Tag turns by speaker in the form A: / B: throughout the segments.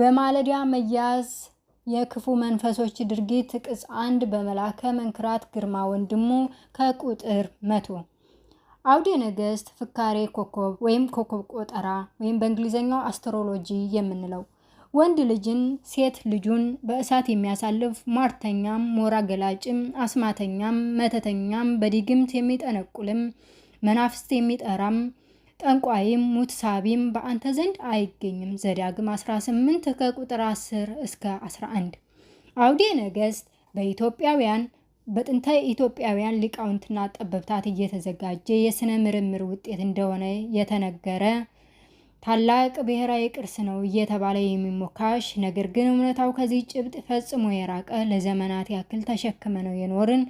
A: በማለዳ መያዝ የክፉ መንፈሶች ድርጊት ቅጽ አንድ በመላከ መንክራት ግርማ ወንድሙ ከቁጥር መቶ አውዴ ነገስት ፍካሬ ኮከብ ወይም ኮከብ ቆጠራ ወይም በእንግሊዝኛው አስትሮሎጂ የምንለው ወንድ ልጅን ሴት ልጁን በእሳት የሚያሳልፍ ሟርተኛም፣ ሞራ ገላጭም፣ አስማተኛም፣ መተተኛም፣ በድግምት የሚጠነቁልም፣ መናፍስት የሚጠራም ጠንቋይም ሙት ሳቢም በአንተ ዘንድ አይገኝም። ዘዳግም 18 ከቁጥር 10 እስከ 11። አውዴ ነገሥት በኢትዮጵያውያን በጥንተ ኢትዮጵያውያን ሊቃውንትና ጠበብታት እየተዘጋጀ የሥነ ምርምር ውጤት እንደሆነ የተነገረ ታላቅ ብሔራዊ ቅርስ ነው እየተባለ የሚሞካሽ ነገር ግን እውነታው ከዚህ ጭብጥ ፈጽሞ የራቀ ለዘመናት ያክል ተሸክመ ነው የኖርን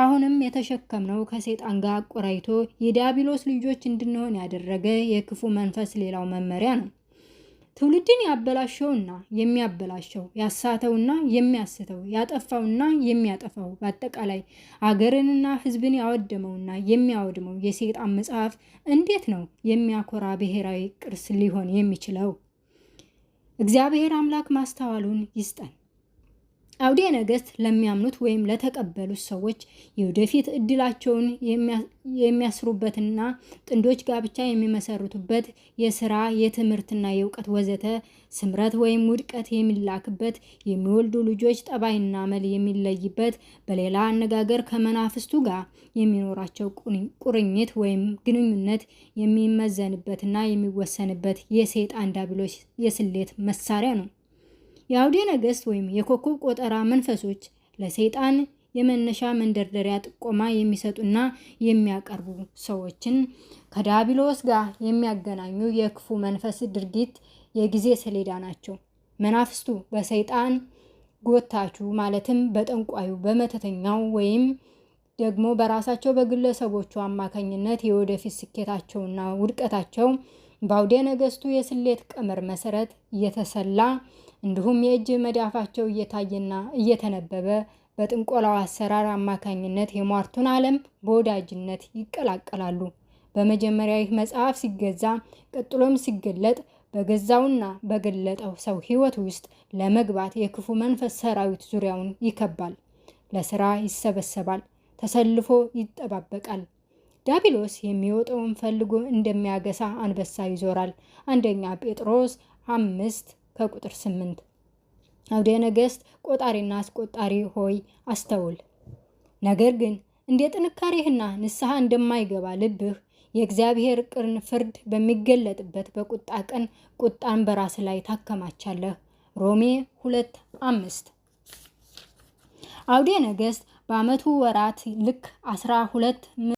A: አሁንም የተሸከምነው ከሴጣን ጋር አቆራይቶ የዲያብሎስ ልጆች እንድንሆን ያደረገ የክፉ መንፈስ ሌላው መመሪያ ነው። ትውልድን ያበላሸውና የሚያበላሸው ያሳተውና የሚያስተው ያጠፋውና የሚያጠፋው በአጠቃላይ አገርንና ሕዝብን ያወደመውና የሚያወድመው የሴጣን መጽሐፍ እንዴት ነው የሚያኮራ ብሔራዊ ቅርስ ሊሆን የሚችለው? እግዚአብሔር አምላክ ማስተዋሉን ይስጠን። አውዴ ነገስት ለሚያምኑት ወይም ለተቀበሉት ሰዎች የወደፊት እድላቸውን የሚያስሩበትና ጥንዶች ጋብቻ የሚመሰርቱበት የስራ የትምህርትና የእውቀት ወዘተ ስምረት ወይም ውድቀት የሚላክበት የሚወልዱ ልጆች ጠባይና መል የሚለይበት በሌላ አነጋገር ከመናፍስቱ ጋር የሚኖራቸው ቁርኝት ወይም ግንኙነት የሚመዘንበትና የሚወሰንበት የሴጣን ዳብሎች የስሌት መሳሪያ ነው። የአውዴ ነገስት ወይም የኮከብ ቆጠራ መንፈሶች ለሰይጣን የመነሻ መንደርደሪያ ጥቆማ የሚሰጡና የሚያቀርቡ ሰዎችን ከዳቢሎስ ጋር የሚያገናኙ የክፉ መንፈስ ድርጊት የጊዜ ሰሌዳ ናቸው። መናፍስቱ በሰይጣን ጎታቹ ማለትም በጠንቋዩ በመተተኛው ወይም ደግሞ በራሳቸው በግለሰቦቹ አማካኝነት የወደፊት ስኬታቸውና ውድቀታቸው በአውደ ነገስቱ የስሌት ቀመር መሰረት እየተሰላ እንዲሁም የእጅ መዳፋቸው እየታየና እየተነበበ በጥንቆላው አሰራር አማካኝነት የሟርቱን ዓለም በወዳጅነት ይቀላቀላሉ። በመጀመሪያ ይህ መጽሐፍ ሲገዛ ቀጥሎም ሲገለጥ በገዛውና በገለጠው ሰው ሕይወት ውስጥ ለመግባት የክፉ መንፈስ ሰራዊት ዙሪያውን ይከባል። ለስራ ይሰበሰባል፣ ተሰልፎ ይጠባበቃል። ዳቢሎስ የሚወጣውን ፈልጎ እንደሚያገሳ አንበሳ ይዞራል። አንደኛ ጴጥሮስ አምስት ከቁጥር ስምንት አውደ ነገሥት ቆጣሪና አስቆጣሪ ሆይ አስተውል። ነገር ግን እንደ ጥንካሬህና ንስሐ እንደማይገባ ልብህ የእግዚአብሔር ቅርን ፍርድ በሚገለጥበት በቁጣ ቀን ቁጣን በራስ ላይ ታከማቻለህ። ሮሜ ሁለት አምስት አውዴ ነገሥት በዓመቱ ወራት ልክ አስራ ሁለት